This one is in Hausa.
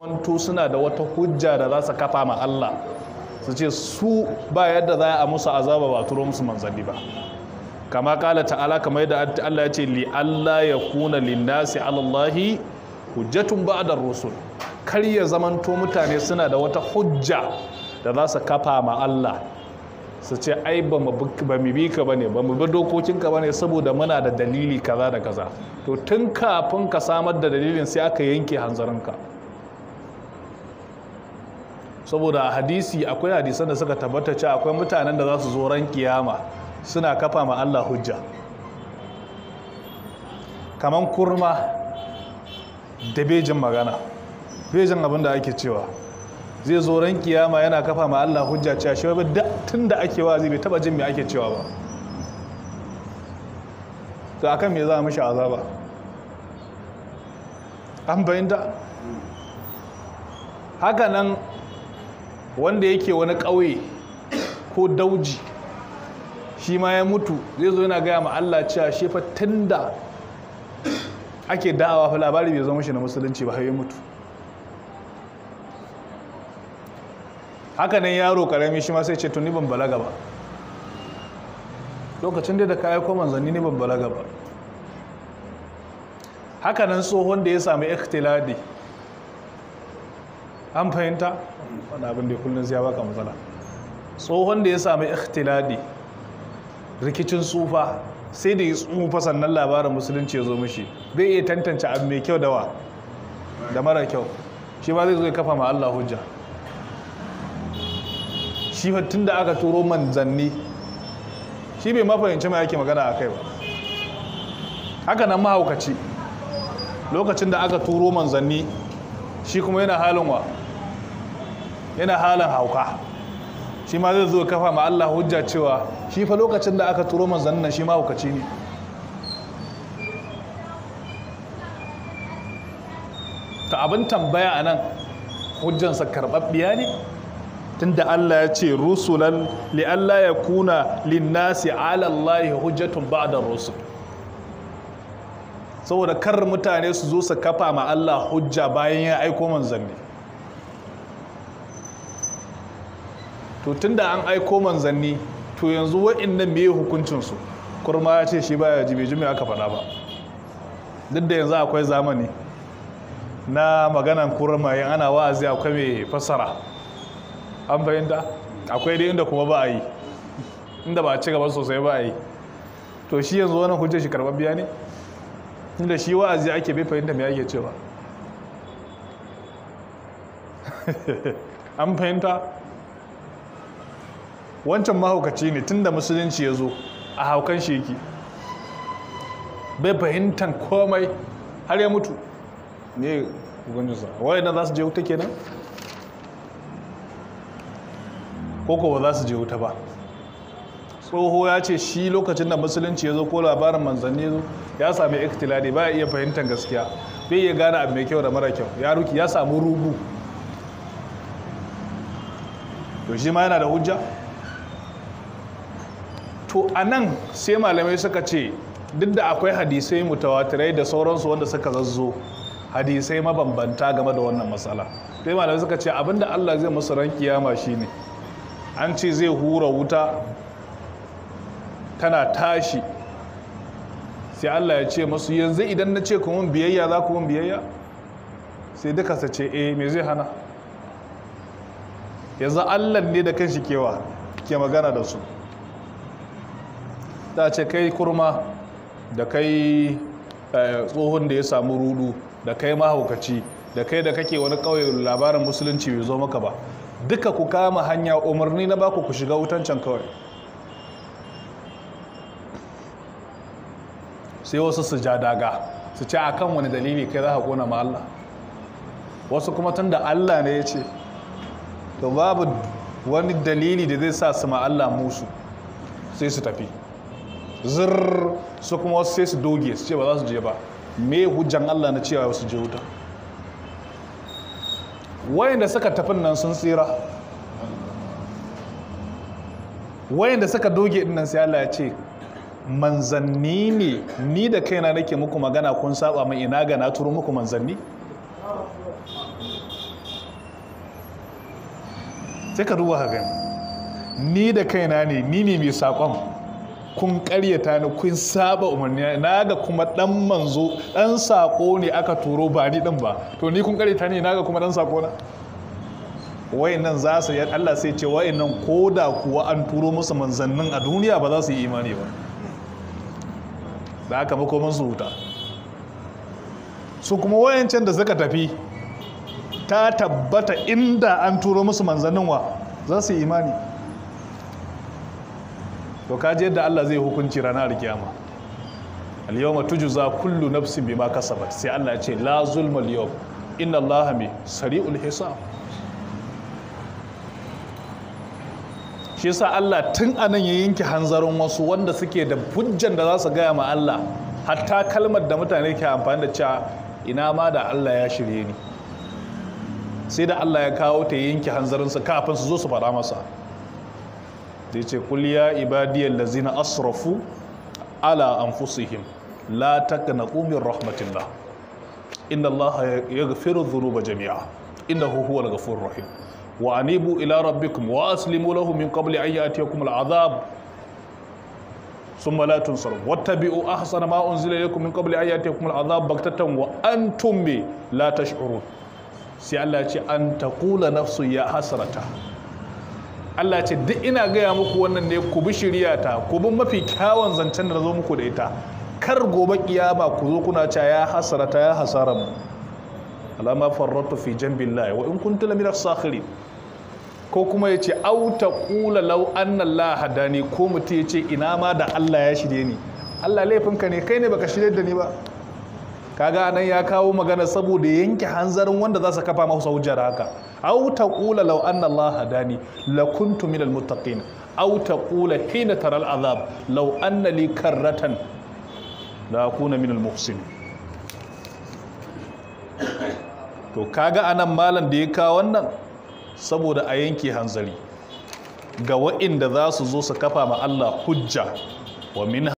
wanto suna da wata hujja da za su kafa ma Allah su ce su ba yadda za a musu azaba ba turo musu manzanni ba kama kala ta'ala kama yadda Allah ya ce li Allah ya kuna linnasi alallahi hujjatun ba'da rusul kar ya zamanto mutane suna da wata hujja da za su kafa ma Allah su ce ai ba mu bi ka bane ba mu bi dokokinka bane saboda muna da dalili kaza da kaza to tun kafin ka samar da dalilin sai aka yanke ka. saboda hadisi akwai hadisan da suka tabbata cewa akwai mutanen da za su zo ran kiyama suna kafa ma Allah hujja kaman kurma da bejin magana bejin abin da ake cewa zai zo ran kiyama yana kafa ma Allah hujja cewa shi ba tun da ake wa zai bai taba jin me ake cewa ba to akan me za a mishi azaba an bayyanta haka nan wanda yake wani ƙauye ko dauji shi ma ya mutu zai zo yana gaya ma Allah cewa shi fa tunda ake da'awa fa labari bai zama shi na musulunci ba har ya mutu haka yaro karami shi ma sai ce tuni ban balaga ba lokacin da ka aiko manzanni ni ban balaga ba haka nan tsohon da ya sami ikhtiladi an fahimta wani abin da kullum sai baka matsala tsohon da ya sami ikhtiladi rikicin tsufa sai da ya tsufa sannan labarin musulunci ya zo mishi bai iya tantance abu mai kyau da wa da mara kyau shi ba zai zo ya kafa ma Allah hujja shi fattun da aka turo manzanni shi bai mafahimci ma yake magana a kai ba haka nan mahaukaci lokacin da aka turo manzanni shi kuma yana halin wa yana halin hauka shi ma zai zo kafa ma Allah hujja cewa shi fa lokacin da aka turo manzan nan shi ma hukaci ne ta abin tambaya a nan hujjansa karɓaɓɓiya ne tunda Allah ya ce rusulan li Allah ya kuna linnasi alallahi hujjatun hujjatun ba'da rusul saboda kar mutane su zo su kafa ma Allah hujja bayan ya aiko manzanni to tunda an aiko manzanni to yanzu wa'annan me hukuncinsu kurma ya ce shi baya ji bai aka faɗa ba duk da yanzu akwai zamani na maganan kurma yin ana wa'azi akwai mai fassara an fahimta akwai dai inda kuma ba a yi inda ba a ci gaba sosai ba a yi to shi yanzu wani hujjar shi karɓar biya ne inda shi wa'azi ake bai fahimta me ake cewa an fahimta wancan mahaukaci ne tun da musulunci ya zo a haukan shi yake bai fahimtar komai har ya mutu ne hukuncinsa wani na za su je wuta kenan koko ba za su je wuta ba tsoho ya ce shi lokacin da musulunci ya zo ko labarin manzanni ya zo ya sami iktilali ba ya iya fahimtar gaskiya bai iya gane abu mai kyau da mara kyau ya ruki ya samu rubu to shi ma yana da hujja to a nan sai malamai suka ce duk da akwai hadisai mutawatirai da sauransu wanda suka zazzo hadisai mabambanta game da wannan matsala sai malamai suka ce abinda allah zai musu ran kiyama shine an ce zai hura wuta tana tashi sai allah ya ce masu yanzu idan na ce kuma biyayya za ku biyayya sai duka su ce eh me zai hana yanzu allah ne da kan shi kewa ke magana da su ta ce kai kurma da kai eh, tsohon da ya samu rudu da kai mahaukaci da kai da kake wani ƙauye labarin musulunci bai zo maka ba duka ku kama hanya umarni na baku ku shiga wutan can kawai sai wasu su ja daga su ce a kan wani dalili kai za ka kona ma Allah wasu kuma tun da Allah ne ya ce to babu wani dalili da zai sa su ma Allah musu sai su tafi zirr su kuma wasu sai su doge su ce ba za su je ba me hujjan Allah na cewa wasu je wuta wayanda suka tafin nan sun tsira wayanda suka doge din nan sai Allah ya ce manzanni ne ni da kaina nake muku magana kun saba mai ina ga na turu muku manzanni sai ka duba hagan ni da kaina ne ni ne mai saƙon kun karyata ni kun saba umarni na ga kuma dan manzo dan sako ne aka turo ba ni din ba to ni kun karyata ni na ga kuma dan sako na wayannan za su yi Allah sai ce wayannan da kuwa an turo musu manzannin a duniya ba za su yi imani ba da aka makoman su huta su kuma wayancan da suka tafi ta tabbata inda an turo musu manzannin wa za su yi imani to kaji yadda Allah zai hukunci ranar alkiyama al-yawma tujza kullu nafsin bima kasabat sai Allah ya ce la zulma al-yawm inna Allah mi sari'ul hisab shi yasa Allah tun anan ya yanke hanzarin wasu wanda suke da hujjan da za su gaya ma Allah hatta kalmar da mutane ke amfani da cewa ina ma da Allah ya shirye ni sai da Allah ya kawo ta yanke su kafin su zo su faɗa masa da ya ce kuliya ibadiyar lazina asrafu ala an anfusihim la taka taqnaqu min rahmatillah Inda Allah ya yaghfiru dhunuba jami'a innahu huwal ghafurur rahim wa anibu ila rabbikum wa aslimu lahu min qabli an ya'tiyakum al'adhab thumma la tunsarun wattabi'u ahsana ma unzila ilaykum min qabli an ya'tiyakum al'adhab baghtatan wa antum la tash'urun sai Allah ya ce an taqula nafsu ya hasrata Allah ce duk ina gaya muku wannan ne ku bi shirya ta ku bi mafi kyawun zancen da zo muku da ita kar gobe kiyama ku zo kuna cewa ya hasarata ya hasara mu alama farratu fi jambillahi wa in kuntu lamina sakhirin ko kuma yace au taqula law anna Allah hadani ko mutum yace ina ma da Allah ya shirye ni Allah laifin ka ne kai ne baka shirye da ni ba kaga nan ya kawo magana saboda yanke hanzarin wanda za su kafa masa hujjar haka aw taqula law anna Allah hadani lakuntu minal muttaqin aw taqula hina taral azab law anna li karratan la akuna minal to kaga anan malam da ya kawo wannan saboda a yanke hanzari ga wa'inda za su zo su kafa ma Allah hujja wa min